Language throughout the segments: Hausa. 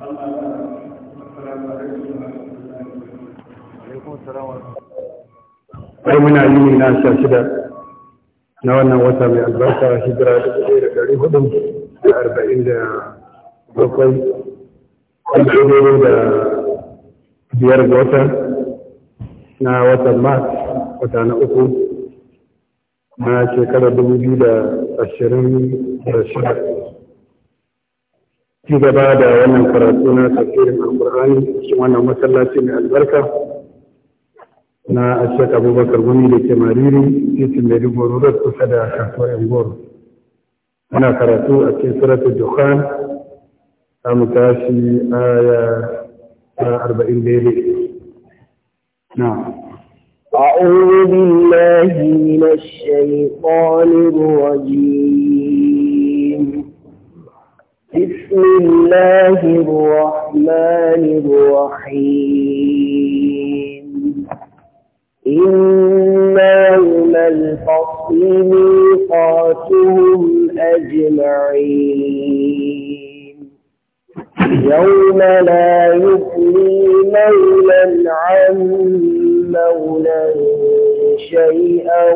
Allah ai muna yini na sha shida na wannan wata mai albarka hijira da da ɗari hudu da arba'in da bakwai an ɗaure da biyar da wata na watan mars wata na uku na shekarar dubu biyu da ashirin da shida ci gaba da wannan karatu na tafsirin alkur'ani cikin wannan masallaci mai albarka na ashek abubakar gumi da ke mariri titin da dubu rurar kusa da kasuwar goro ana karatu a cikin suratul dukhan za mu tashi aya arba'in daidai na أعوذ بالله من الشيطان الرجيم بسم الله الرحمن الرحيم إنا يوم الفصل ميقاتهم أجمعين يوم لا يفني مولا عن مولا شيئا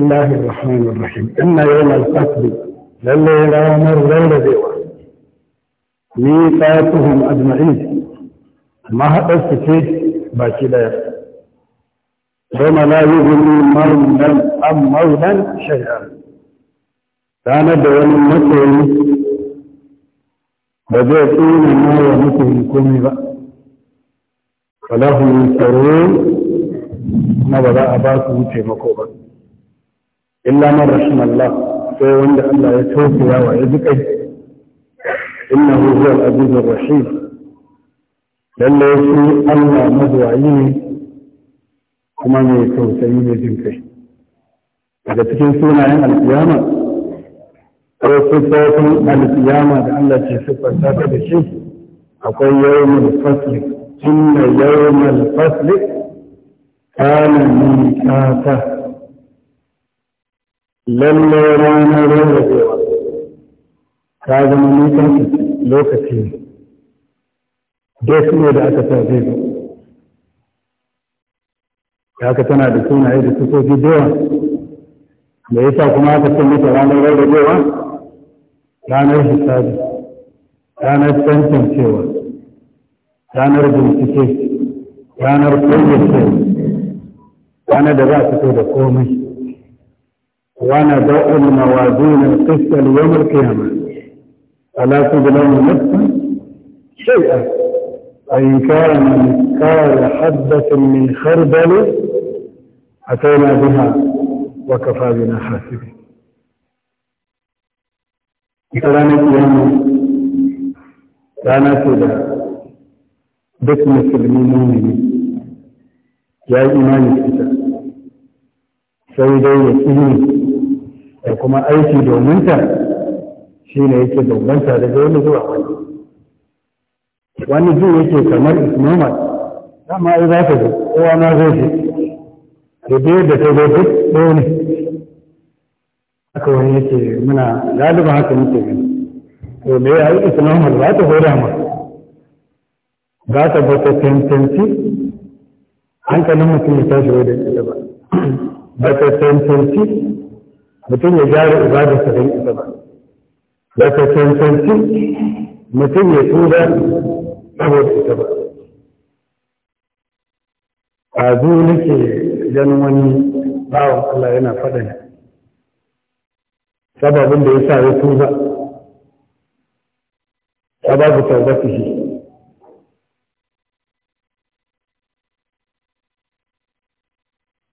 الله الرحمن الرحيم إن يوم القتل للي ومر الرولة ديوة ميقاتهم أجمعين ما هذا فيه باكي لا يوم لا يغني مولا أم مولا شيئا كان دون المسلم بدأتون ما ومسلم كومي بقى فلهم ينصرون ما بدأ أباكم في بقى illa man Allah? sai wanda Allah ya tausaya wa ya jiƙai innahu huwa al-aziz ar-rahim lalle shi Allah mazuwayi ne kuma mai tausayi ne jinkai? daga cikin sunayen alkiyama ko al alkiyama da Allah ke siffanta ta da shi akwai yawmul fasl inna yawmul fasli kana miqata lalle ranar rarrabewa ta zama nisan lokaci ne dai ne da aka sa zai zo da aka tana da sunaye da sukoki da yawa da yasa kuma aka san mata ranar rarrabewa ranar hisabi ranar tantancewa ranar bincike ranar kayyace ranar da za a fito da komai ونضع الموازين القسط ليوم القيامة فلا تظلم نفس شيئا وإن كان مثقال حبة من خردل أتينا بها وكفى بنا حاسبين ranar kiyama rana ce da duk musulmi mumini ya yi imani ita sai dai ya ƙi da kuma aiki domin ta shi ne yake bambanta zai wani zuwa wani wani zuwa yake kamar ismama dama ai za ka zo kowa ma zai ce da biyar da ta zo duk ɗaya ne haka wani yake muna galiba haka muke gani to me ya yi ismama za ta hoda ma za ta bata tantanci hankalin mutum ya tashi wajen ita ba ba ta tantanci mutum ya gyara ibadarsa don ita ba ba ta cancanci mutum ya tura saboda ita ba a zuwa nake ganin wani bawa Allah yana faɗa ne sababin da ya sa ya tuba sababu shi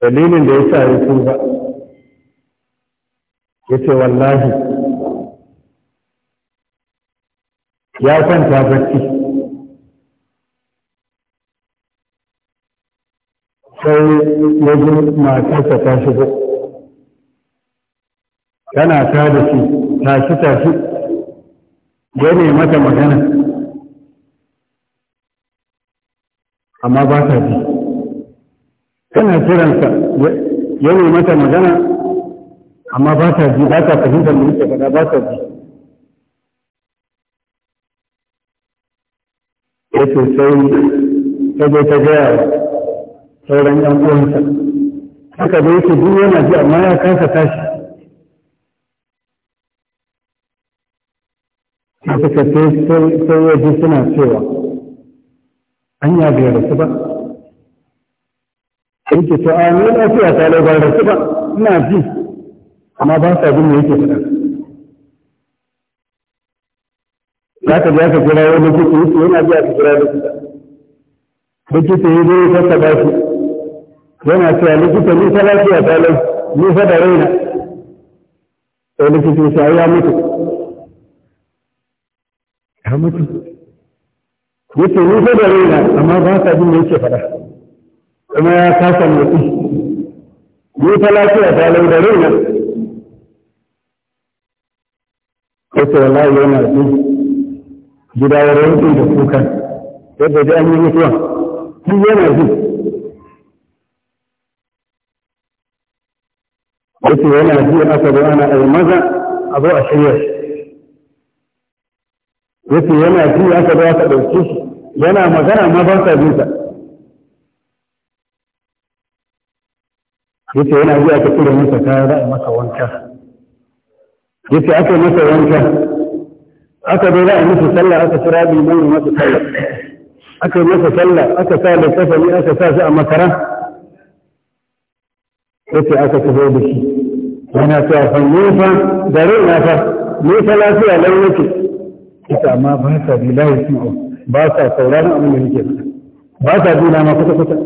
dalilin da ya sa ya tuba ya ce wallahi ya kwanta barci sai ya ji matarsa ta shigo tana ta da shi tashi tashi ya ne mata magana amma ba ta ji tana kiransa ya ne mata magana amma ba ta ji ba ta fahimtar da yake faɗa ba ta ji ya ce sai ta je ta gaya sauran yan uwansa haka da yake duk yana ji amma ya kasa tashi sai suka sai ya ji suna cewa an ya bai rasu ba yake to a ni lafiya ta lau ba rasu ba ina ji amma ba sa bin yake da za ka ji ka kira wani likita yake yana biya ka kira likita likita ya zai kasa ba shi yana cewa likita ni ta lafiya ta lai ni fa da raina sai likita ya ce ya mutu ya mutu yake ni fa da raina amma ba sa bin me yake faɗa kuma ya kasa motsi ni ta lafiya ta lai da raina ya ce wallahi yana da gida ya rinke da kukan yadda da an yi mutuwa duk yana ji ya ce yana ji aka zo ana ai maza a zo a shirya shi ya ce yana ji aka zo aka ɗauke shi yana magana ma ba sa jinsa ya ce yana ji aka tura masa kaya za a masa wanka yace aka masa wanka aka zo ra'ayi masa sallah aka kira bi mai masa sallah aka masa sallah aka sa da kafani aka sa shi a makara yace aka tafi da shi yana cewa fa nufa da na fa nufa lafiya lau yake yace amma ba sa bi lahi su'u ba sa sauraron abin da yake faɗa ba sa bi na ma kuta kuta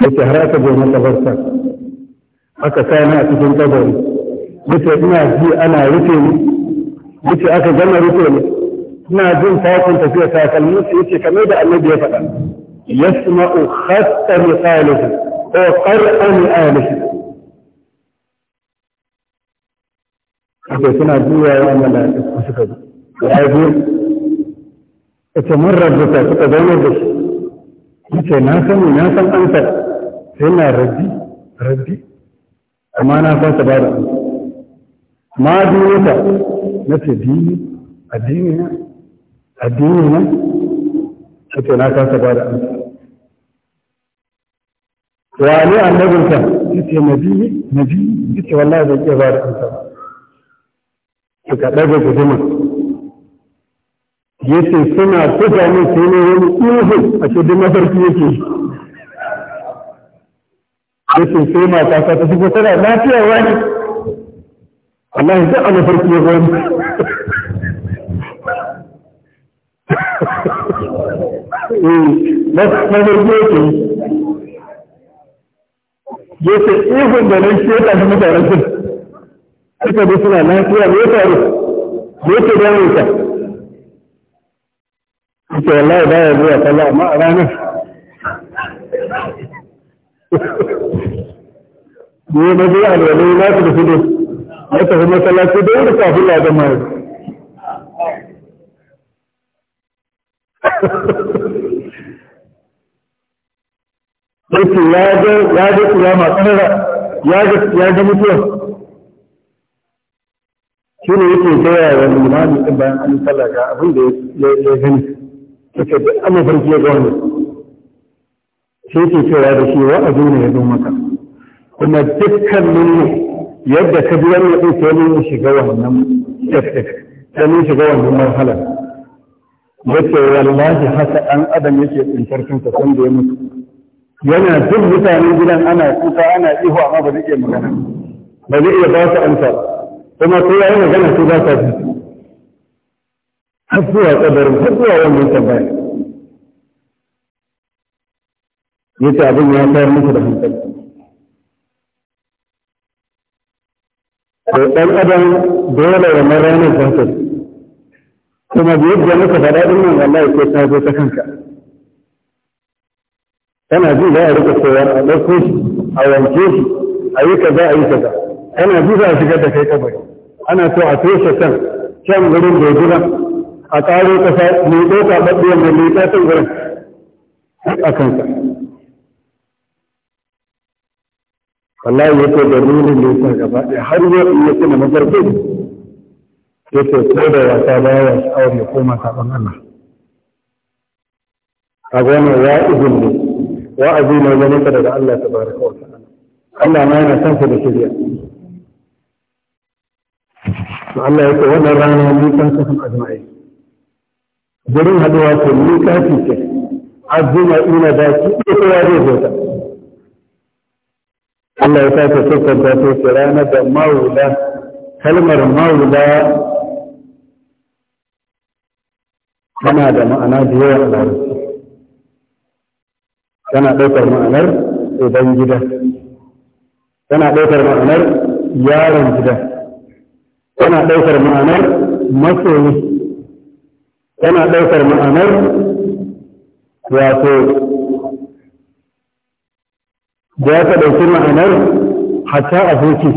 yace har aka zo masa barka aka sa ni a cikin kabari nace ina ji ana rufe ni nace aka gama rufe ni ina jin takun tafiya takalmin su yace kamar da annabi ya faɗa yasma'u khatta misalihi wa qar'a misalihi akwai suna juyawa mala'iku suka zo ya zo ita mun rabbuka suka zauna da shi yace na sani na san amsar sai na rabbi rabbi amma na kasa ba da ma duniyarka na ce dini addini na addini na ce na ta ba da amsa wane annabinka yace nabi nabi yace wallahi zai iya bada da amsa ba suka ɗaga guduma yace suna kusa ne sai ne wani ihu a ce duk mafarki yake yace sai mata ta ta shigo tana lafiya wani wallahi sai a mafarki ya gwani na eh, farko yake yace ihun da nan ke ta shi mutanen sun suka bi suna lafiya me ya faru me da damun ka yace wallahi ya zuwa sallah amma a ranar ne na zai alwalai na su da su dai ya tafi masallaci da wuri kafin ya zama yau yake ya ga ya ga kiyama tsanara ya ga ya ga mutuwa shi ne yake gaya wa limami din bayan an sallah ga abin da ya gani yake duk amma farki ya ga wannan sai yake cewa da shi wa'azi ne ya zo maka kuma dukkaninmu yadda ka bi wannan ɗin sai mun shiga wannan tafsir sai mun shiga wannan marhala yace wallahi haka ɗan adam yake tsintar kansa san da ya mutu yana jin mutanen gidan ana kuka ana ihu amma ba zai iya magana ba zai iya ba su amsa kuma ko yayi magana ko ba ta ji har zuwa kadarin har zuwa wannan tambaya yace abin ya tayar musu da hankali to dan adam dole ya mara ne zanta kuma da yadda muka faɗa din nan wallahi ko ta zo ta kanka kana ji za a rika cewa a ɗauko shi a wanke shi a yi kaza a yi kaza kana ji za a shigar da kai kabari ana so a toshe can can wurin da gidan a ƙaro ƙasa mai ɗauka ɓaɓɓiyar mai mai ta wurin a kanka wallahi ya ce da rurin da ta gaba ɗaya har yau in yake na mafarki ya ce ko da wasa baya ya sha'awar ya koma saɓon Allah a gona ya izin ne a zina ya nuka daga Allah ta baraka wa ta'ala Allah ma yana san da shirya to Allah ya ce wannan rana ni san su sun ajma'i gurin haduwa ce ni kafi ce azuma ina da shi ko ya zai zo ta Allah ya sake sassanta ta su ranar da maula kalmar maula tana da ma'ana da yawa a larabci tana ɗaukar ma'anar uban gida tana ɗaukar ma'anar yaron gida tana ɗaukar ma'anar masoyi tana ɗaukar ma'anar wato da ya ɗauki ma'anar hatta aboki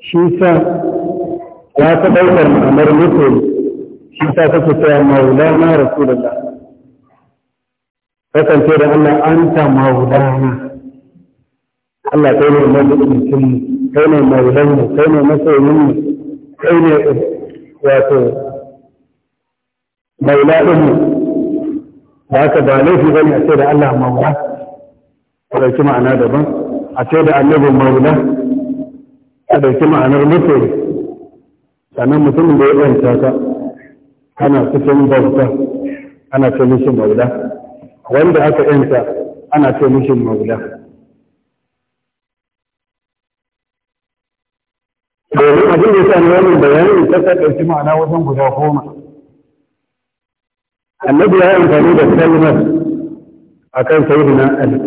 shi sa ya ta ɗaukar ma'anar mutum shi sa na rasu maulana rasulullah kasance da Allah an ta maulana Allah kai ne mutum mu kai ne maulan mu kai ne masoyin mu kai ne wato maula mu Ba ka ba laifi ba ne a ce da Allah maula a ɗauki ma'ana daban a ce da annabin maula a ɗauki ma'anar mutuwa sannan mutumin da ya ɗanta ka ana cikin bauta ana ce mishi maula wanda aka ɗanta ana ce mishi maula domin abin da ya sa ne wannan bayanin ta ɗauki ma'ana wajen guda goma النبي يا أنت ان كلمة أكان سيدنا ألي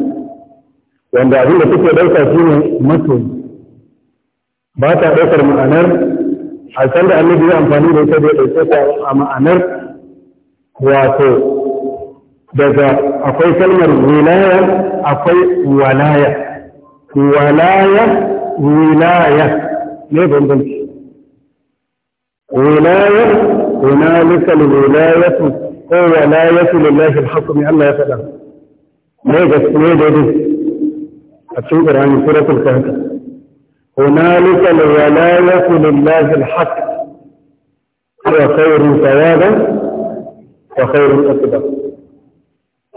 وعند أبينا تكي دوتا فينا مطلوب باتا أكثر من أنر أكان ان النبي ان أنت نيدا كلمة أكثر من أنر واتو دزا أكوي كلمة ولاية أكوي ولاية ولاية ولاية ليه بندم ولاية هنالك الولاية هو لا يصل الله الحكم الا فله ليه بس ليه ده عن سورة الكهف هنالك الولاية لله الحق هو خير ثوابا وخير أكبر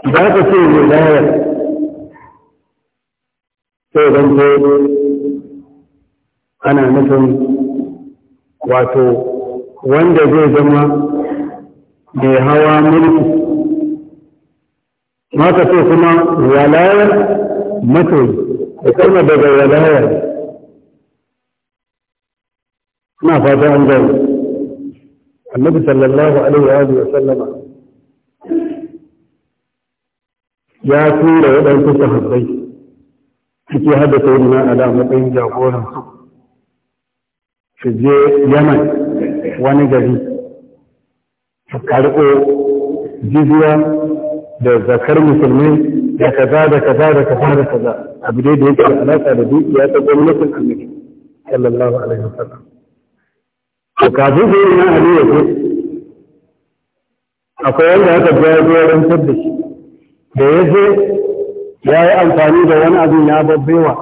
إذا تصير الولاية سيدا زيد أنا مثل واتو وان جزي زمان mai hawa mulki maka ce kuma walaya masoyi da kalmar daga walaya na fata an gani annabi sallallahu alaihi wa sallama ya tura waɗansu sahabbai ciki har da sauri na ala matsayin jagoran su je yaman wani gari su karɓo jizya da zakar musulmi da kaza da kaza da kaza da kaza abu dai da yake da alaƙa da dukiya ta gwamnatin annabi sallallahu alaihi wasallam to kafin su na ali ya ce akwai wanda aka ga zuwa rantar da shi da ya je ya yi amfani da wani abu ya babbewa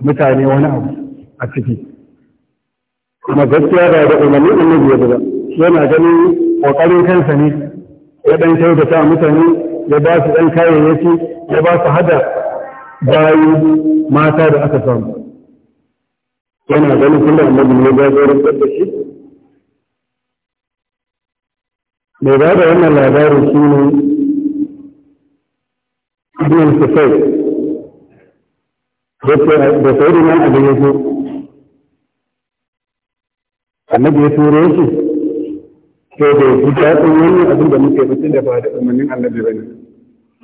mutane wani abu a ciki kuma gaskiya ba da umarni annabi ya ba yana ganin ƙoƙarin kansa ne ya ɗan sa mutane ya ba su ɗan kayayyaki ya ba su hada bayi mata da aka samu yana ganin kuma annabi ne ya jagorantar da shi mai ba da wannan labarin shi ne ibn sufai da sai da nan abin ya so annabi ya turo shi to da ji daɗin wannan abin da muke mutum da ba da umarnin annabi ba ne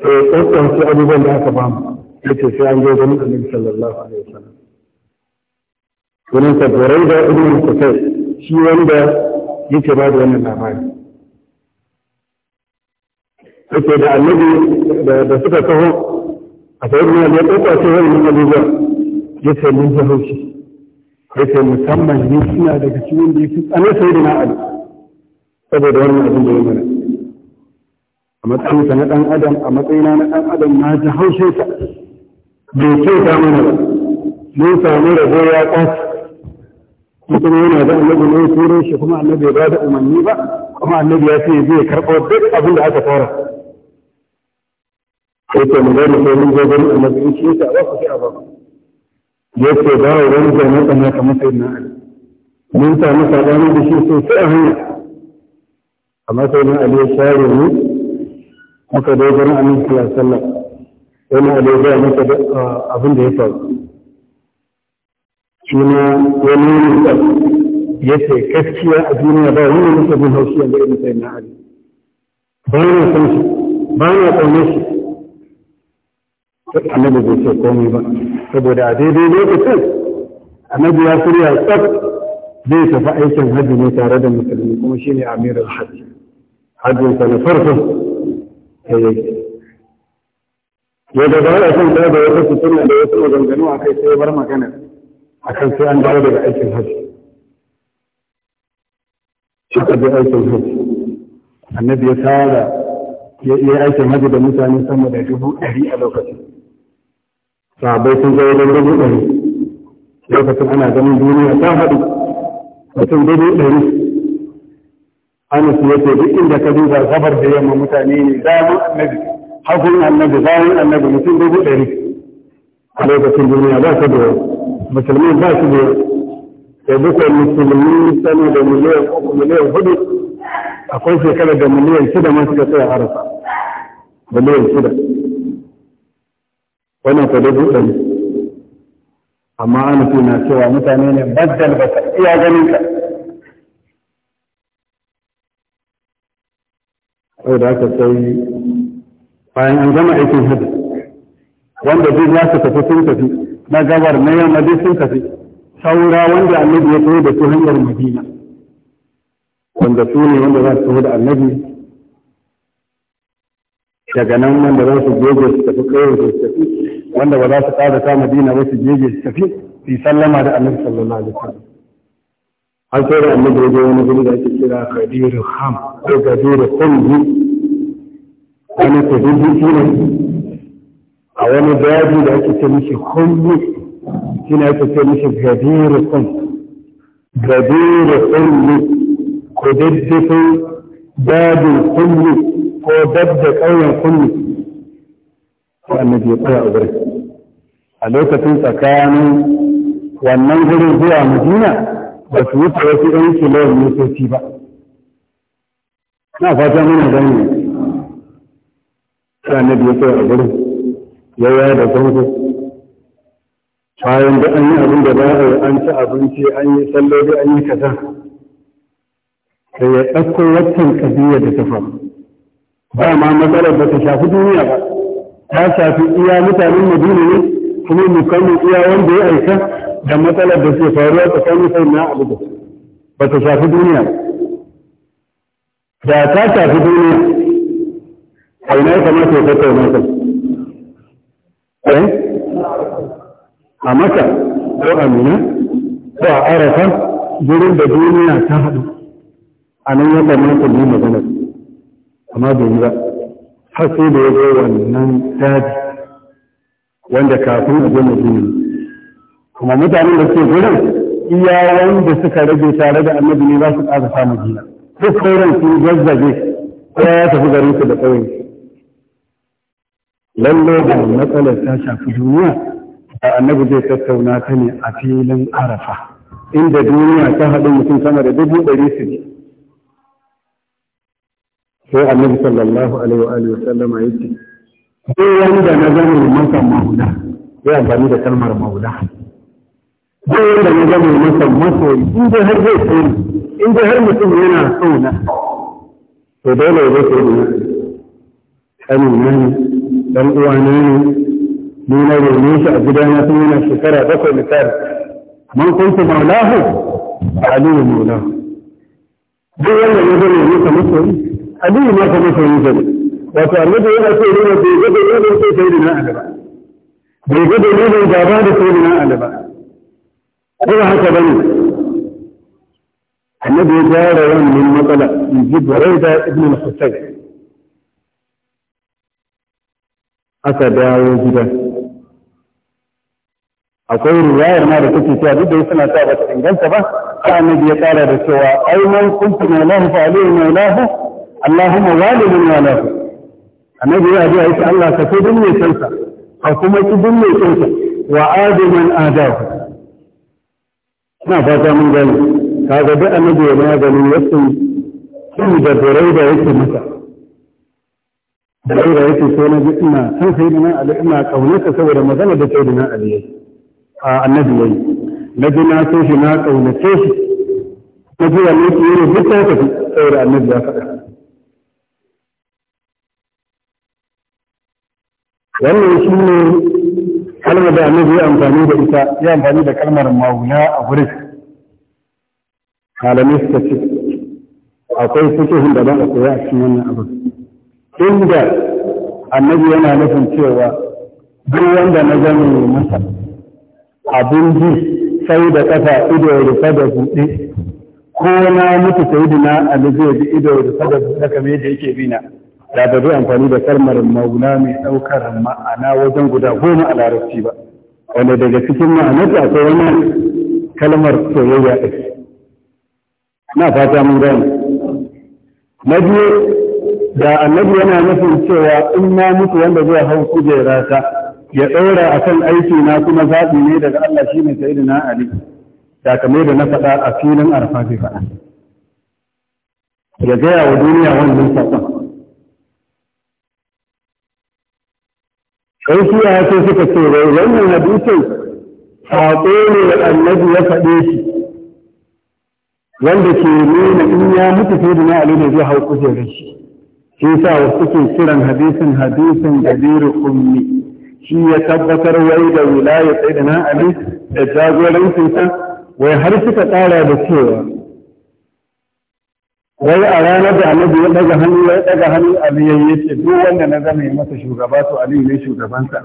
to tsantsan su abubuwan da aka ba mu yace sai an zo ganin annabi sallallahu alaihi wasallam sunan sa Buraida ibn Qusay shi wanda yake ba da wannan labari yake da annabi da suka taho a sai ibn Ali ya dauka sai wannan abubuwa yace mun ji haushi yace musamman ni suna daga cikin da yake tsanin sayyidina Ali saboda wannan abin da ya mana a matsayinsa na ɗan adam a matsayina na ɗan adam na ji haushinsa bai kyauta mana ba mun samu rabo ya ƙwace mutum yana da annabi ne turai shi kuma annabi ba da umarni ba kuma annabi ya ce zai karɓo duk abin da aka fara sai ce mu da mu sai mun ga gani annabi in shi ta ba ku sai a ba ya ce ba wani zama tsana kamar sai na mun samu sabanin da shi sosai a hanya amma sai na ali ya share mu muka dai gani annabi sallallahu alaihi sai na ali ya ga abin da ya faru shi ne wani ne ya ce gaskiya a duniya ba wani mutum bin haushi yadda irin sai na ali ba na san shi ba na tsaune shi annabi bai ce komai ba saboda a daidai lokacin annabi ya shirya tsaf zai tafi aikin hajji ne tare da musulmi kuma shine amirul hajji hajjin sa na farko sai yi. ya da zara kan da wata wasu sutuna da wasu maganganu a kai sai ya bar magana a kan sai an dawo daga aikin hajji shi ka bi aikin hajji annabi ya tara ya iya aikin hajji da mutane sama da dubu ɗari a lokacin sahabbai sun zai wajen dubu ɗari lokacin ana ganin duniya ta haɗu mutum daidai ɗari anas ya ce duk inda ka duba gabar da yamma mutane ne zamun annabi hagun annabi zamun annabi mutum dubu ɗari a lokacin duniya ba su da musulmi ba su da sai duka musulmi sama da miliyan uku miliyan hudu akwai shekarar da miliyan shida ma suka tsaya harasa miliyan shida wannan ko dubu ɗari amma anas na cewa mutane ne baddal ba iya ganin ka saboda aka sai bayan an gama aikin hajji wanda duk za su tafi sun tafi na gabar na yamma duk sun tafi saura wanda annabi ya koyar da su hanyar madina wanda su ne wanda za su da annabi daga nan wanda za su goge su tafi kawai su tafi wanda ba za su kada ta madina ba su goge su tafi su yi sallama da annabi sallallahu alaihi wasallam an sai da annabi ya je wani guri da ake kira kadiru ham ko kadiru kulli wani kudin ne a wani daji da ake ta mishi kullu shi ne ake ce mishi gadiru kun gadiru kullu kudiddifin daji kullu ko dab da ƙauyen kullu ko annabi ya tsaya a wurin a lokacin tsakanin wannan gurin zuwa madina ba su wuce wasu ɗan kilomitoci ba na fata muna ganin sai annabi ya tsaya a gurin ya yaya da zango bayan da an yi abin da ba a an ci abinci an yi salloli an yi kaza sai ya ɗauko waccan kabila da ta faru ba ma matsalar ba ta shafi duniya ba ta shafi iya mutanen madina ne kuma mukamin iya wanda ya aika da matsalar da ke faruwa tsakanin sai na abu ba ta shafi duniya ba da ta shafi duniya a ina ya kamata ya tattauna kai eh a maka ko a nuna ko a arafa gurin da duniya ta haɗu a nan ya kamata ne magana amma bai yi ba har sai da ya zo wannan daji wanda kafin a je madina kuma mutanen da suke gurin iya wanda suka rage tare da annabi ne za su ƙara samu dina duk sauran sun zazzabe kowa ya tafi garin su da ƙauyen Lallai da matsalar ta shafi duniya da annabi zai tattauna ta ne a filin arafa inda duniya ta haɗu mutum sama da dubu ɗari su ne sai annabi sallallahu alaihi wa sallama ya ce sai wanda na gane masa maula ya amfani da kalmar maula sai wanda na gane masa masoyi in dai har zai so in dai har mutum yana so na to dole ya zai na. ne kanin nan dan uwana ne ni na rene shi a gidana tun yana shekara bakwai misali man kuntu maulahu aliyu maulahu duk wanda ya zo ne ka masoyi aliyu ma ka masoyi ne wato annabi yana so ne da bai gado ne da sai da na alaba bai gado ne da ba da sai da na alaba ko ba haka bane annabi ya gyara wannan matsala in ji Buraida ibn al-Husayn aka dawo gida akwai riwayar ma da take cewa duk da suna ta ba ta inganta ba annabi ya kara da cewa ai man kuntu maulahu fa alayhi maulahu allahumma walidun walahu annabi ya ji aiki Allah ka sai dun mai kansa ka kuma ki dun mai kansa wa adaman adahu na ta mun gani kaga duk annabi ya magani yasin kin da durai da yake masa da ɗaura ya ce sai na ji ina san sai da ali ina ƙaunarsa saboda magana da sai da ali a annabi yayi na ji na so shi na ƙaunace shi na ji wannan ki yi duk sai ka fi saboda annabi ya faɗa wannan shi ne kalmar da annabi ya amfani da ita ya amfani da kalmar mawuya a gurin malamai suka ce akwai fikihun da ba a koya a cikin wannan abin inda annabi yana nufin cewa duk wanda na zama masa abin ji sai da kafa ido rufa da buɗe ko na mutu sayidina ali zai ji ido rufa da buɗe kamar da yake bina da ba zai amfani da kalmar mauna mai ɗaukar ma'ana wajen guda goma a larabci ba wanda daga cikin ma'anarsa akwai wani kalmar soyayya ɗin na fata mun gani na biyu da annabi yana nufin cewa in na mutu wanda zai hau kujera ta ya ɗora a kan aiki na kuma zaɓi ne daga Allah shi ne sai na Ali da kamar da na faɗa a filin arfa zai faɗa ya gaya wa duniya wannan saƙon sai su ya ce suka ce wai wannan hadisin saƙo ne annabi ya faɗe shi wanda ke nuna in ya mutu sai na Ali ne zai hau kujerar shi shi sa wasu ke kiran hadisin hadisin kabiru ummi shi ya tabbatar wai da wilaya sai da na ali da jagorancin sa wai har suka tsara da cewa wai a ranar da annabi ya daga hannu ya daga hannu ali ya yace duk wanda na zama masa shugaba to ali ne shugabansa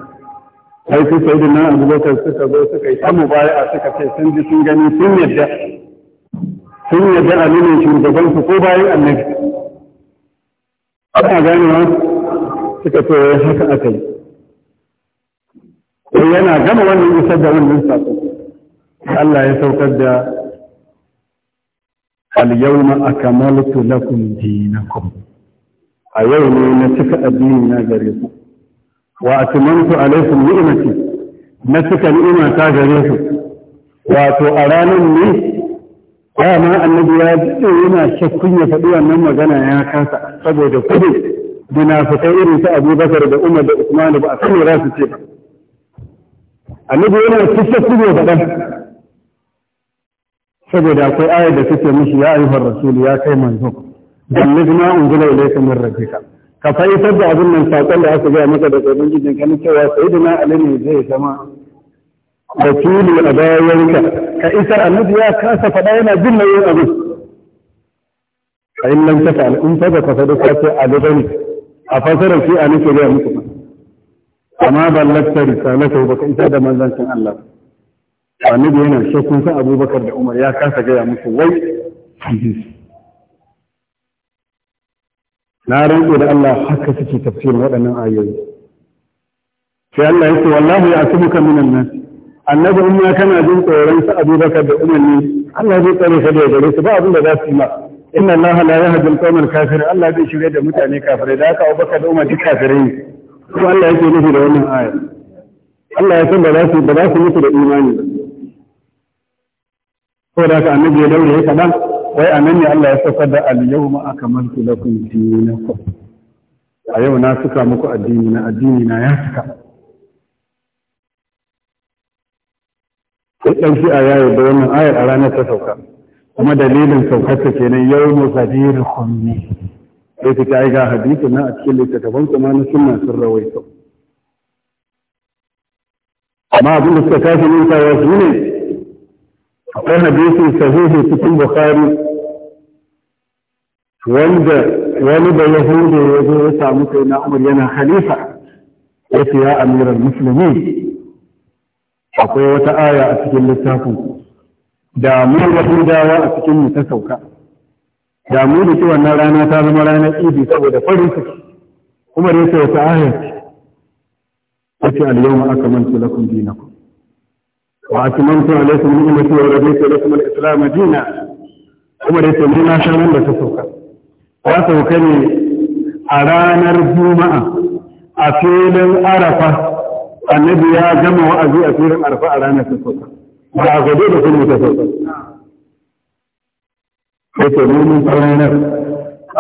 sai su na abubakar suka zo suka yi ta mubaya'a suka ce sun ji sun gani sun yadda sun yadda ali ne shugabansu ko bayan annabi ana ganewa suka ce haka aka yi sai yana gama wannan isar da wannan saƙo Allah ya saukar da al-yawma akmaltu lakum dinakum a yau ne na cika addini na gare ku wa atmamtu alaykum ni'mati na cika ni'ima ta gare ku wato a ranar ne dama annabi ya ji yana shakkun ya faɗi wannan magana ya kasa saboda kudin munafikai irin su Abu Bakar da Umar da Usman ba a sani za su ce ba annabi yana shakkun ya faɗa saboda akwai ayar da suke mishi ya ayyuhar rasul ya kai manzo ballagna unzila ilayka min rabbika ka fa'itar da abin nan saƙon da aka ga maka daga ubangijin kan cewa sayyidina ali ne zai zama rasulu a bayanka ka isa annabi ya kasa faɗa yana jin na yin abu. a yin nan ta fa'al in faɗa ka faɗa ka a gaba ne a fasara shi a nake gaya muku ba amma ballasta na ba ka isa da manzancin Allah annabi yana shakkun abubakar da umar ya kasa gaya musu wai na rantse da Allah haka suke tafsirin waɗannan ayoyi sai Allah ya ce wallahi ya asubuka minan nas annabi in ma kana jin tsoron su bakar da umar ne Allah zai tsare ka da gare su ba abin da za su yi ma inna Allah la yahdi al-qawmal kafirin Allah zai shirye da mutane kafirai da haka bakar da umar duk kafirai ne ko Allah yake nufi da wannan aya Allah ya san ba za su ba za su mutu da imani ko da ka annabi ya daure ya kaɗan wai anan ne Allah ya saka da al-yawma akmaltu lakum dinakum a yau na suka muku addini na addini na ya suka duk ɗan shi'a ya yarda wannan ayar a ranar ta sauka kuma dalilin saukarta kenan yau mu sadir khummi sai ta kai ga hadisi na a cikin littattafan kuma na sunna sun rawaito amma abin da suka tashi min tawa su ne akwai hadisi sahihi cikin bukhari wanda wani da yahudu ya zo ya samu kai na umar yana khalifa ya ce ya amiral muslimin akwai wata aya a cikin littafin da mu yahudawa a cikin mu ta sauka da mu da na rana ta zama ranar idi saboda farin ciki kuma da sai wata aya ce al-yawma akmaltu lakum dinakum wa atmamtu alaykum ni'mati wa raditu lakum al-islam dinan kuma da sai mun na shanan da ta sauka ta sauka ne a ranar juma'a a filin arafa annabi ya gama wa'azi a filin arfa a ranar sassauta ba a gado da filin ta sauka ya ce mun ranar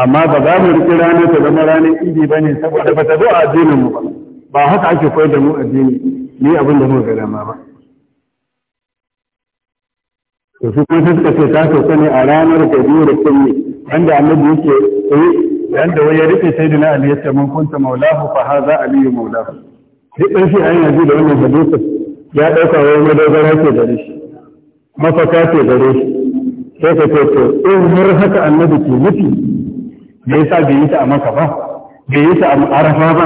amma ba za mu riƙi ranar ta zama ranar idi ba ne saboda ba ta zo a addinin mu ba ba haka ake koyar da mu addini ni abin da muka ga dama ba to su kuma suka ce ta sauka ne a ranar gabiyu da kulli wanda annabi yake eh wanda wai ya rike sayyidina ali ya ce mun kunta maulahu fa hadha aliyu maulahu duk ɗan shi an yanzu da wannan hadisin ya ɗauka wani madogara ke gare shi mafaka ke gare shi sai ka ce to in har haka annabi ke nufi me yasa bai yi ta a maka ba bai yi ta a arafa ba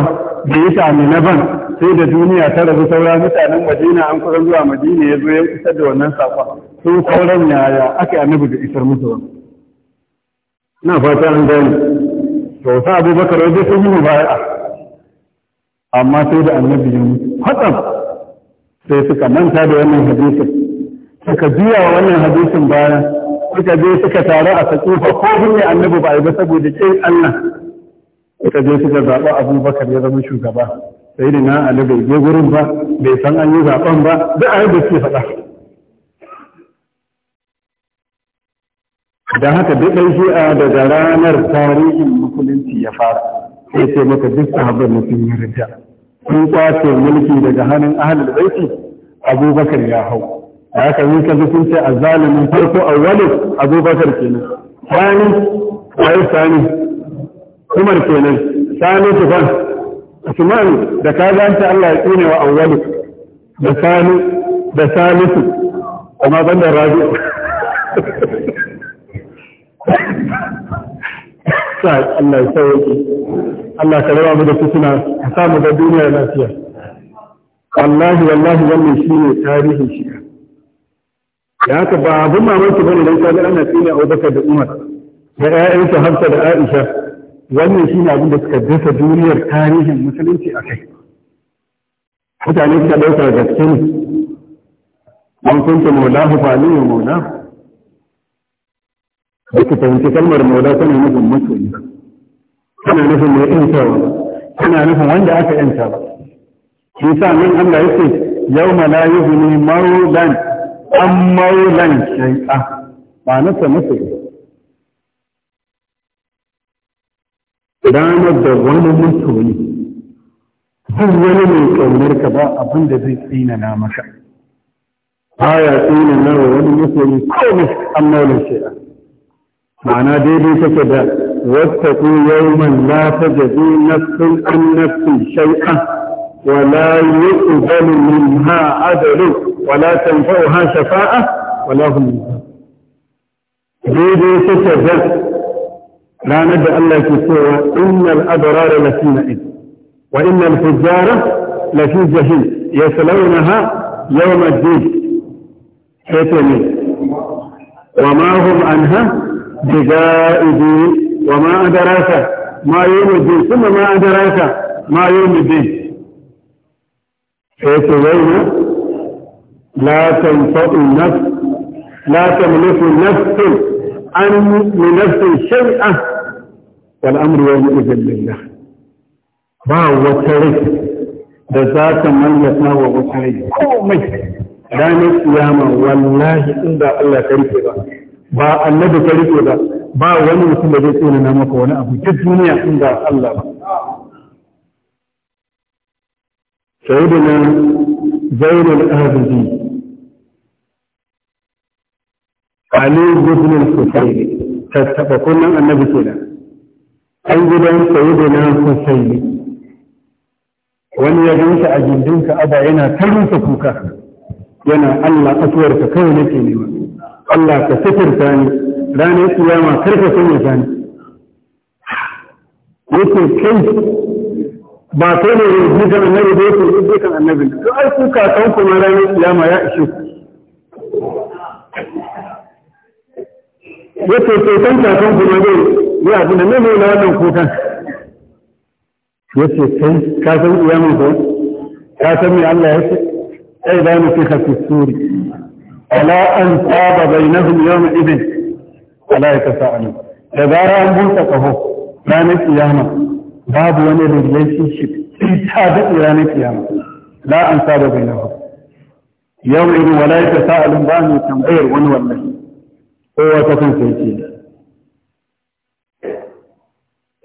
bai yi ta a mina ba sai da duniya ta rabu sauran mutanen madina an kusan zuwa madina ya zo ya isar da wannan saƙon sun sauran yaya aka annabi da isar musu ba. na fata an gani to sa abubakar wajen sun yi mubara'a amma sai da annabi ya mutu hatsam sai suka manta da wannan hadisin suka juya wa wannan hadisin baya suka je suka taru a sakufa ko ne annabi ba a yi ba saboda ke Allah suka je suka zaɓa abubakar ya zama shugaba sai da na ali bai je gurin ba bai san an yi zaɓen ba duk a yadda ke faɗa don haka duk ɗan shi'a daga ranar tarihin musulunci ya fara sai ce maka duk sahabban na sun yi rida sun kwace mulki daga hannun ahalul baiti abubakar ya hau haka yi kaji sun ce azalimin farko awwalin abubakar kenan sani ai sani umar kenan sani tufan usman da ka zanta Allah ya tsine wa awwalin da sani da salisu amma ban da rabi'u sai Allah ya sauke Allah ka rawa mu da fitina ka sa mu da duniya lafiya wallahi wallahi wannan shine tarihin shi ya haka ba abin mamaki bane dan kaga ana a Abubakar da Umar da su Hafsa da Aisha wannan shine abin da suka dasa duniyar tarihin musulunci akai mutane suka dauka gaske ne an kunta maula fa aliyu maulahu da ku fahimci kalmar maula tana nufin masoyi tana nufin mai intawa tana nufin wanda aka yanta ba shi sa min Allah yake yauma la yughni mawlan an mawlan shay'a ba na sa musu ranar da wani mutuwi duk wani mai ƙaunar ka ba abin da zai na maka Aya tsina na wani mutuwi ko an mawlan shay'a ma'ana daidai take da wattaqu yawman la tajzi nafsun an nafsin shay'an wa la yuqbalu minha adlu wa la tanfa'uha shafa'a wa la hum daidai take da ranar da Allah ke cewa innal abrara lafi na'im wa innal fujjara lafi jahim yaslawnaha yawma ad-din sai ne wa ma hum anha بجائزه وما أدراك ما يوم الدين ثم ما أدراك ما يوم الدين فيتبين لا تنفع النفس لا تملك نفس عن لنفس شيئا والأمر يومئذ لله ba wata rai da za ta mallaka wa wata rai komai ranar kiyama wallahi inda Allah karfe ba ba annabi ta rike ba ba wani mutum da zai tsona na maka wani abu duk duniya in Allah ba sayyidina zainul abidin ali ibn al-husayn tattaba kullun annabi kenan an gidan sayyidina husayn wani ya ganka a gindinka aba yana ta kuka yana Allah asuwarka kawai nake nema Allah ka suturta ni ranar kiyama karka sanya ta ni yake kai ba kai ne yanzu kan annabi da yake yanzu kan annabi to ai ku kakan ku ma ranar kiyama ya ishe yake ceton kakan ku ma zai yi abu da nemi na wannan kukan yace kai ka san iyamin ko ka san me Allah ya ce ai da mu fi khasisuri ala an saba bainahum yawm idin ala yatasaalu da gara an busa kaho ranar kiyama babu wani relationship sai ta daɗe ranar kiyama la an saba bainahum yawm idin wala yatasaalu ba mu tambayar wani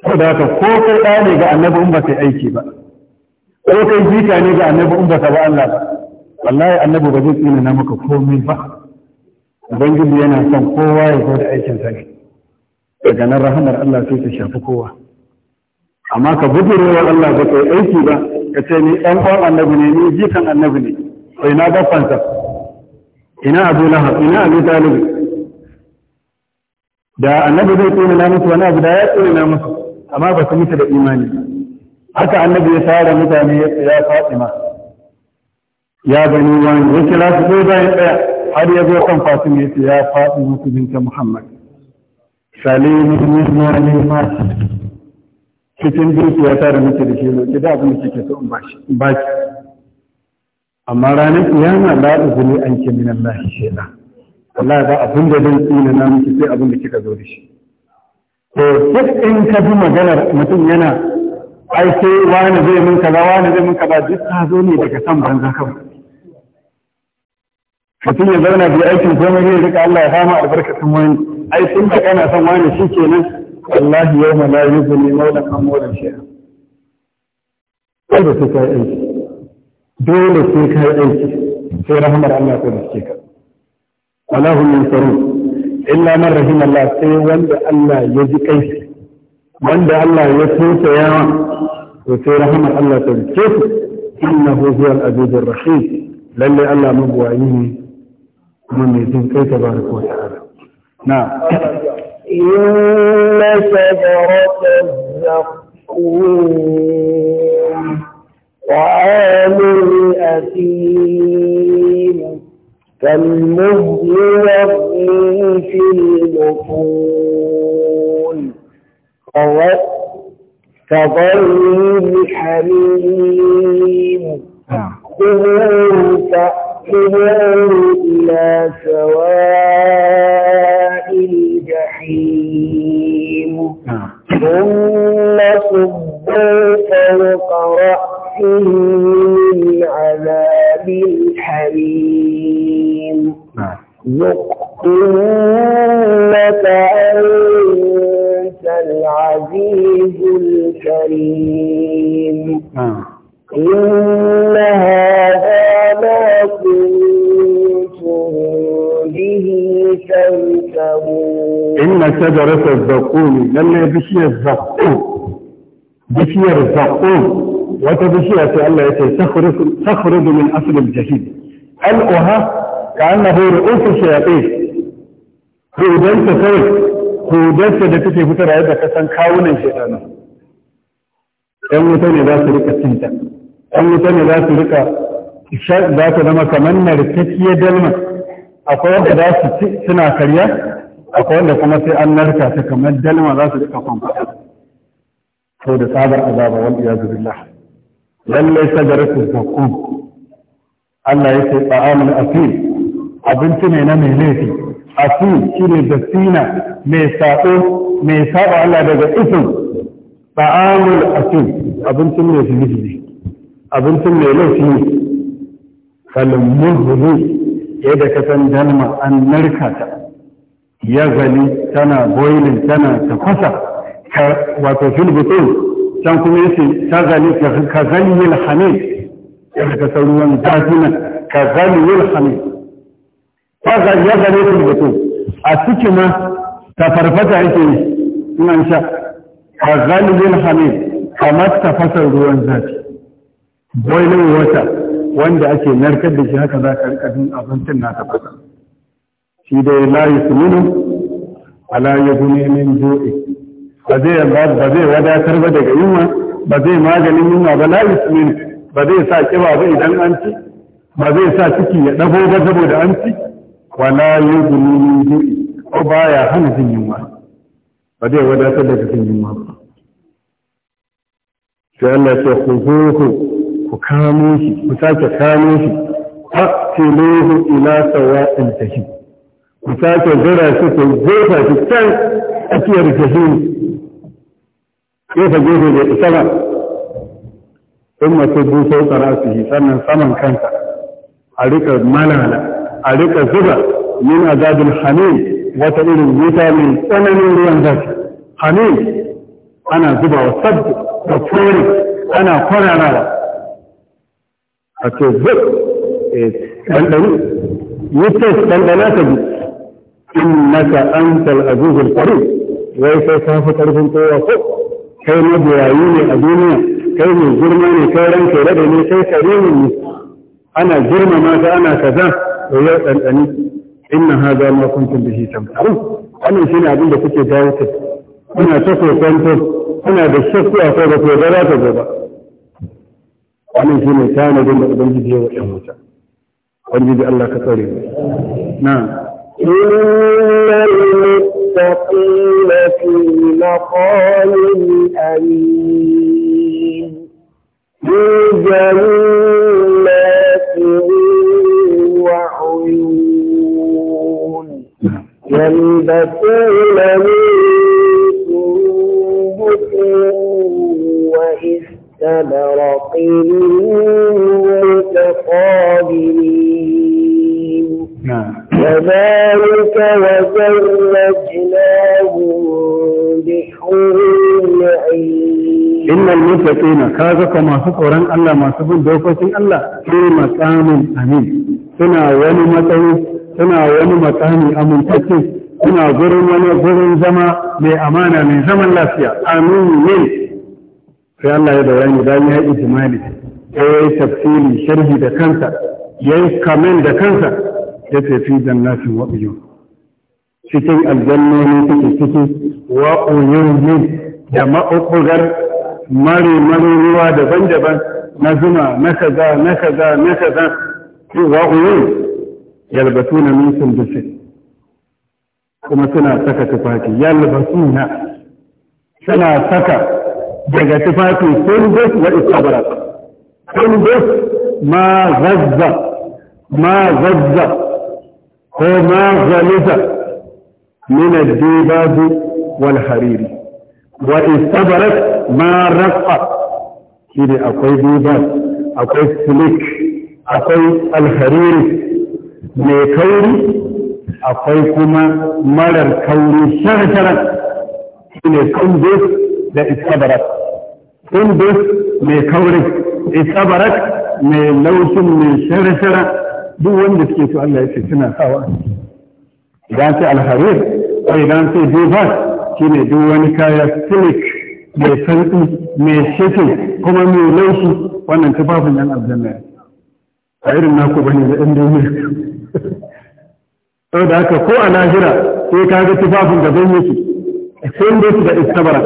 saboda ko kai ɗa ne ga annabi in ba aiki ba ko kai jika ne ga annabi in ba ka ba Allah ba wallahi annabi ba zai tsina na maka komai ba ubangiji yana son kowa ya zo da aikin sa ne daga nan rahamar Allah sai ta shafi kowa amma ka gudure wa Allah ba kai aiki ba ka ce ni ɗan kwan annabi ne ni jikan annabi ne sai na gafansa ina abu lahab ina abu talib da annabi zai tsina na musu wani abu da ya tsina na musu amma ba su mutu da imani haka annabi ya tara mutane ya fatima ya gani wani ya kira su ɗaya bayan ɗaya har ya zo kan fasu ne ya faɗi musu binta muhammad salimin nuna ne mati cikin dukiya ta da muke da shi roƙi da abin da kike so in ba shi. amma ranar kiyama la uzuri an ke min Allah shay'a wallahi ba abin da zan tsina na miki sai abin da kika zo da shi to duk in ka bi maganar mutum yana ai sai wani zai min kaza wani zai min kaza duk ka zo ne daga san banza kawai mutum ya zauna bai aikin komai zai rika Allah ya samu albarkacin wani ai tun da kana son wani shi ke kenan wallahi yau ma la yuzli maulan an maulan shi kai da sai kai aiki dole sai kai aiki sai rahmar Allah ta da dace ka walahu min sarun illa man rahim Allah sai wanda Allah ya ji kai wanda Allah ya tsotsa yawa to sai rahmar Allah ta da ku innahu huwal azizur rahim lalle Allah mabuwayi ne من يدين اي تبارك وتعالى نعم إن شجرة الزقوم وعام الأثيم كالمهل يغني في البطون كظل الحميم نعم. تبشيها الله يتي تخرج من أصل الجحيم ألقها كأنه رؤوس الشياطين خودان تفوت خودان تتكي فترة عيدة كسان كاونا شيئانا أموتان لا تلك السنتا أموتان لا تلك الشاك ذات لما كمان لكتية دلما أقول لك ذات سنة كريا أقول لك ما في أن نركا تكمل دلما ذات لك فنفع خود صابر عذاب والإياذ بالله lallai sagaratu zakum Allah ya ce ta'amul asil abinci ne na mai laifi ne shine sina mai sako mai saba Allah daga isin ta'amul asil abincin mai laifi ne abincin mai laifi ne kalmun hudu yadda ka san dalma an narka ta ya gani tana boilin tana kusa wato filbutun can kuma yace tazali ka zaliyil hamid yadda ka san ruwan nan ka zaliyil hamid tazali ya su da to a ciki ma ta farfata yake ina sha ka zaliyil hamid kamar fasar ruwan zafi boiling water wanda ake narkar da shi haka za ka rika jin abincin na tafasa shi dai la yusminu ala yughni min ju'i ba zai ba zai wadatar ba daga yunwa ba zai maganin yunwa ba la yusmin ba zai sa kiba ba idan an ci ba zai sa ciki ya dabo ba saboda an ci wala yughni min ju'i ko baya hana jin yunwa ba zai wadatar daga jin yunwa ba sai Allah ya ce khuzuhu ku kamo shi ku sake kamo shi fa'tiluhu ila sawa'il jahim ku sake zira shi ku jefa shi can tsakiyar jahim gefe gefe da isa ba in mace busau tsara su yi sannan saman kansa a rika malala a rika zuba Yin azabin hamil wata irin wuta mai tsananin ruwan zafi hamil ana zuba wa sabbi da tori ana kwararawa a ce zuk eh, ɗanɗani wutar ɗanɗana ta bi in naka an tal'azuzul faru wai sai ta fi ƙarfin kowa ko kai na burayi ne a duniya kai ne girma ne kai ran kai rada ne kai kare ne ana girmama ta ana kaza to yau ɗanɗani inna haza ma kuntum bihi tamtarun wannan shi shine abin da kuke dawo ta kuna ta kokonto kuna da shakku a kai ba ko da za ta zo ba. wannan shi ne tana tanadin da ubangiji ya wa ɗan wuta ubangiji Allah ka tsare mu na'am إن المتقين في مقام أمين في جنات وعيون يلبسون من سندس وإستبرق متقابلين كذلك وزوجناهم بحور عين إن المتقين كذا كما سقران الله ما سبب دوفتين الله في مقام أمين سنا وني متعي سنا وني مقام أمين تكي سنا غرم وني غرم زما بأمانة من زمن لا فيها آمين sai Allah ya daura bayan ya yi ijimali ya yi tafsiri sharhi da kansa ya yi kamen da kansa ya ce fi jannatin wa uyun cikin aljannoni take ciki wa uyun da ma'ukugar mare mare ruwa daban-daban na zuma na kaza na kaza na kaza wa uyun yalbatuna min sundusin kuma suna saka tufafi yalbatuna suna saka daga tufafi sundus wa istabara sundus ma zazza ma zazza ko ma zalita min al-dibab wal hariri wa istabarat ma raqqa kide akwai dibab akwai silik akwai al-hariri mai kauri akwai kuma marar kauri shara-shara shine kundus da istabarat kundus mai kauri istabarat mai laushin mai shara-shara duk wanda suke so Allah ya ce suna sawa idan sai alharir ko idan sai dubas shine duk wani kaya silik mai sarki, mai shifin kuma mai laushi wannan tufafin yan aljanna a irin naku bane da ɗan duniya sau da haka ko a lahira sai ka ga tufafin gaban yake sai da su da istabara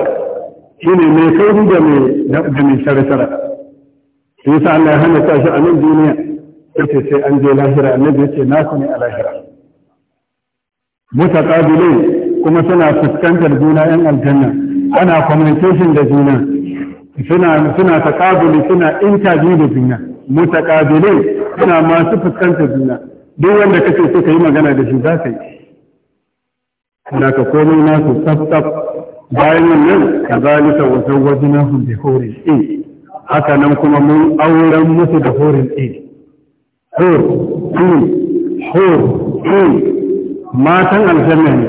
shine mai sauri da mai da mai shara-shara sai sa Allah ya hana shi a nan duniya yace sai an je lahira annabi yace na ku ne a lahira mutaqabilun kuma suna fuskantar juna yan aljanna ana communication da juna suna suna taqabuli suna interview da juna mutaqabilun suna masu fuskantar juna duk wanda kake so kai magana da shi za ka yi kana ka komai na su tap tap bayan wannan kazalika wa zawwajnahum bi hurin haka nan kuma mun auren musu da hurin ɗin hur hin hur hin matan aljanna ne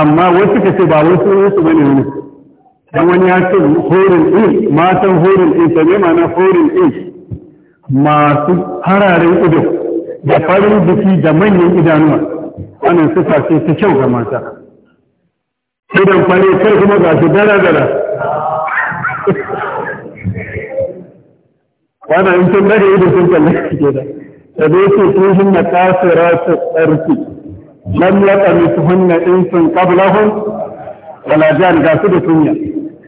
amma wasu ka ce ba wasu ne su wani dan wani ya horin in e, matan horin in e, ta ne horin in e? masu fararen ido da farin jiki da manyan idanuwa wannan sifa ce ta kyau ga mata idan fare kai kuma ga sun da da dai ce fihin na kafira su tsarki lam ya tsari su hunna insun qablahum wala jan ga da sunya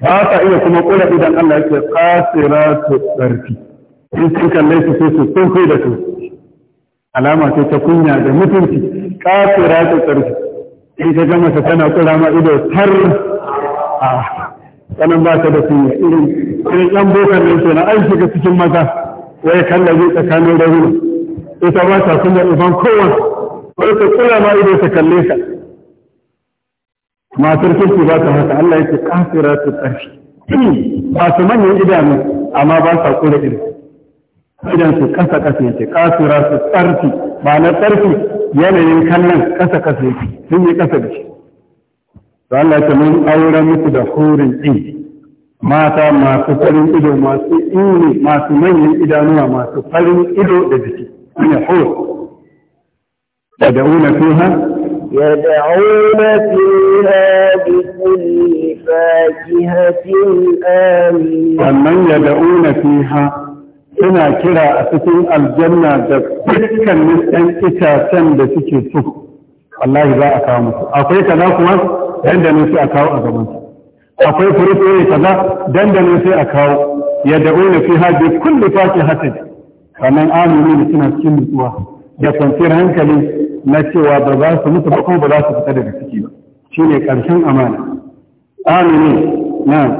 ba ta iya kuma kula idan Allah yake kafira su tsarki in sun kalle su sai su sun da su alama ce ta kunya da mutunci kafira su tsarki in ka gama ta tana ma ido ba da irin an shiga cikin maza wai kallabi tsakanin raguna ita ba ta sunan uban kowa wani ta kula ma ido ta kalle ka matar kirki ba ta haka Allah yake kafira ta tsarki ba su manyan idanu amma ba sa kula ido idan su kasa kasa yake kafira ta tsarki ba na tsarki yanayin kallon kasa kasa yake sun yi kasa da shi to Allah ta mun aure muku da hurin din mata masu farin ido masu ini masu manyan idanuwa masu farin ido da jiki من الحوت يدعون فيها يدعون فيها بكل فاكهة آمنة ومن يدعون فيها هنا كرا الجنة دكتك من أن بسكي سوك الله إذا أقامك أقول كذا كما عندما يسي أقاو أقامك أقول فريق إيه كذا يدعون فيها بكل فاكهة دي. wannan amini da suna cikin mutuwa da kwanciyar hankali na cewa ba za su mutu ba kuma ba za su fita daga ciki ba shi ne ƙarshen amana amini na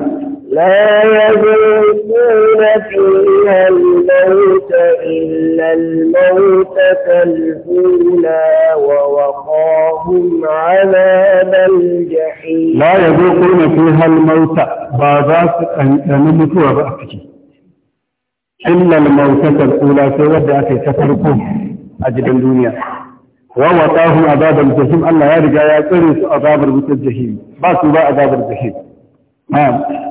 لا يذوقون فيها الموت إلا الموتة الأولى ووقاهم عذاب الجحيم لا يذوقون فيها الموت بعضات أن يموتوا وبأفكي illa mautatar ula sai wadda aka yi ta farko a gidan duniya wa waqahu azabal jahim Allah ya riga ya tsare su azabar wutar jahim ba su ba azabar jahim ha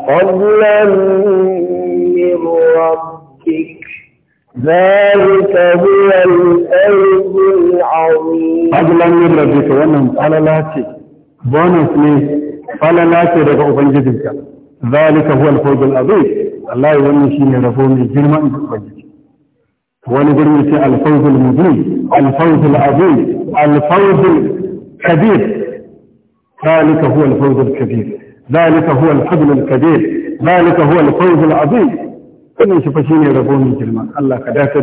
qulan min rabbik zalika huwa al-ayyul azim qulan min rabbik wannan alala ce bonus ne falala ce daga ubangijinka ذلك هو الفوز العظيم الله يغني يوني شيني رفون الجرمة وانا الفوز المبين الفوز العظيم الفوز الكبير ذلك هو الفوز الكبير ذلك هو الفضل الكبير ذلك هو الفوز العظيم كل شيء فشيني رفون الجرمة الله كداك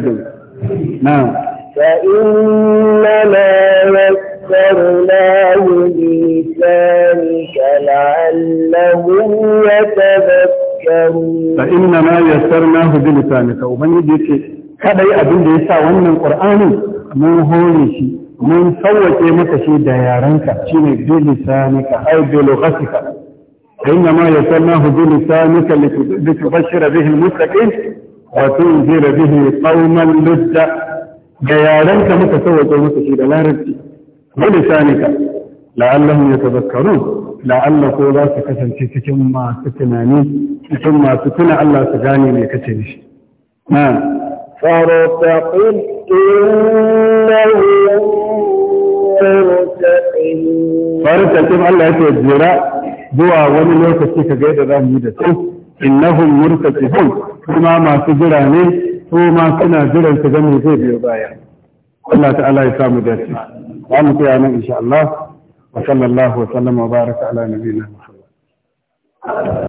نعم فإنما لك يسرناه بلسانك لعلهم يتذكرون. فإنما يسرناه بلسانك ومن يجيك كذا يأبن ليسا ومن القرآن من هوليش من صوت يمتشي ديارنك شيني بلسانك أي بلغتك إنما يسرناه بلسانك لتبشر به المتقين وتنذر به قوما لذة ديارنك متسوت ومتشي دلارنك ولسانك لعلهم يتذكرون لعل كولا سكسن سكسن ما سكناني سكسن ما سكنا ألا سجاني من كتنش نعم فارتقب إنهم على فارتقب ألا يتجرى دعا ومن يوك السيكة قيدة إنهم مرتقبون فما ما سجراني فما سنا جرى سجاني في يبايا الله تعالى يسامو جاسي za mu tsaya nan insha Allah wa sallallahu wa sallama wa baraka ala nabiyina Muhammad